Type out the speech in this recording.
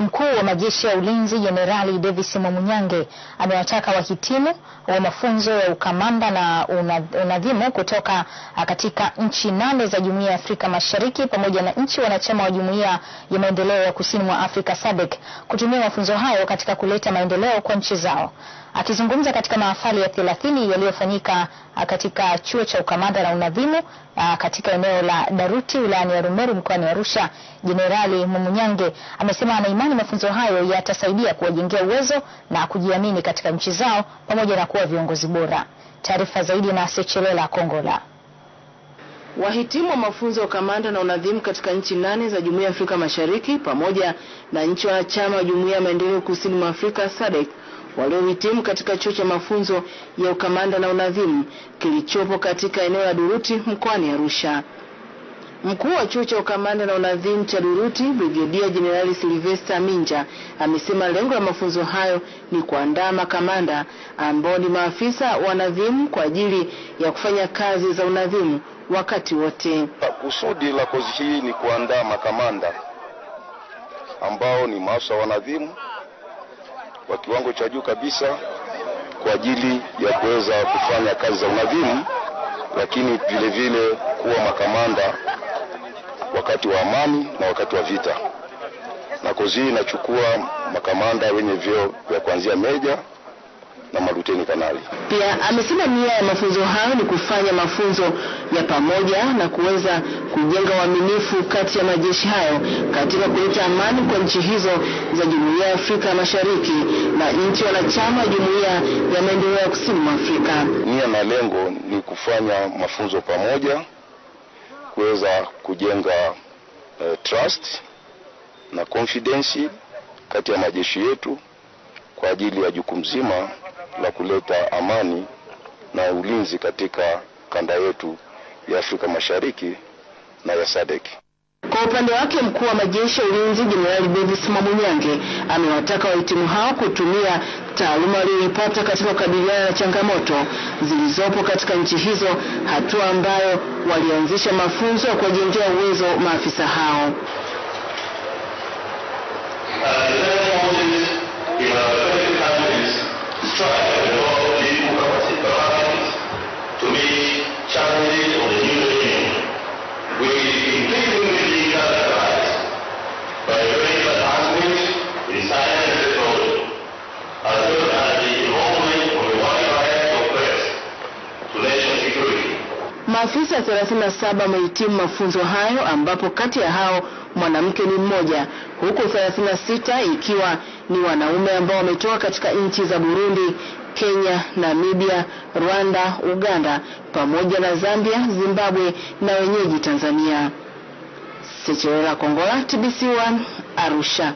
Mkuu wa majeshi ya ulinzi Jenerali Davis Mwamunyange amewataka wahitimu wa mafunzo ya ukamanda na unadhimu kutoka ah, katika nchi nane za Jumuiya ya Afrika Mashariki pamoja na nchi wanachama wa Jumuiya ya Maendeleo ya Kusini mwa Afrika SADC kutumia mafunzo hayo katika kuleta maendeleo kwa nchi zao. Akizungumza katika mahafali ya thelathini yaliyofanyika ah, katika chuo cha ukamanda na unadhimu ah, katika eneo la Daruti wilayani ya Rumeru mkoani Arusha, Jenerali Mumunyange amesema ana imani mafunzo hayo yatasaidia kuwajengea uwezo na kujiamini katika nchi zao pamoja na kuwa viongozi bora. Taarifa zaidi na Sechelela Kongola. Wahitimu wa mafunzo ya ukamanda na unadhimu katika nchi nane za Jumuiya ya Afrika Mashariki pamoja na nchi wanachama wa Jumuiya ya Maendeleo Kusini mwa Afrika SADC waliohitimu katika chuo cha mafunzo ya ukamanda na unadhimu kilichopo katika eneo la Duruti mkoani Arusha. Mkuu wa chuo cha ukamanda na unadhimu cha Duruti, Brigedia Jenerali Silvesta Minja, amesema lengo la mafunzo hayo ni kuandaa makamanda ambao ni maafisa wanadhimu kwa ajili ya kufanya kazi za unadhimu wakati wote. Kusudi la kozi hii ni kuandaa makamanda ambao ni maafisa wanadhimu kwa kiwango cha juu kabisa kwa ajili ya kuweza kufanya kazi za unadhimu lakini vile vile kuwa makamanda wakati wa amani na wakati wa vita, na kozi hii inachukua makamanda wenye vyeo vya kuanzia meja na maluteni kanali. Pia amesema nia ya mafunzo hayo ni kufanya mafunzo ya pamoja na kuweza kujenga uaminifu kati ya majeshi hayo katika kuleta amani kwa nchi hizo za Jumuiya ya Afrika Mashariki na nchi wanachama Jumuiya ya Maendeleo ya Kusini mwa Afrika. Nia na lengo ni kufanya mafunzo pamoja, kuweza kujenga uh, trust na confidence kati ya majeshi yetu kwa ajili ya jukumu zima la kuleta amani na ulinzi katika kanda yetu ya Afrika Mashariki na ya SADC. Kwa upande wake mkuu wa majeshi ya ulinzi Jenerali Davis Mwamunyange amewataka wahitimu hao kutumia taaluma waliyoipata katika kukabiliana na changamoto zilizopo katika nchi hizo, hatua ambayo walianzisha mafunzo ya kuwajengea uwezo maafisa hao. Uh, Maafisa 37 wamehitimu mafunzo hayo ambapo kati ya hao mwanamke ni mmoja huku 36 ikiwa ni wanaume ambao wametoka katika nchi za Burundi, Kenya, Namibia, Rwanda, Uganda pamoja na Zambia, Zimbabwe na wenyeji Tanzania. Sechelela Kongola, TBC1, Arusha.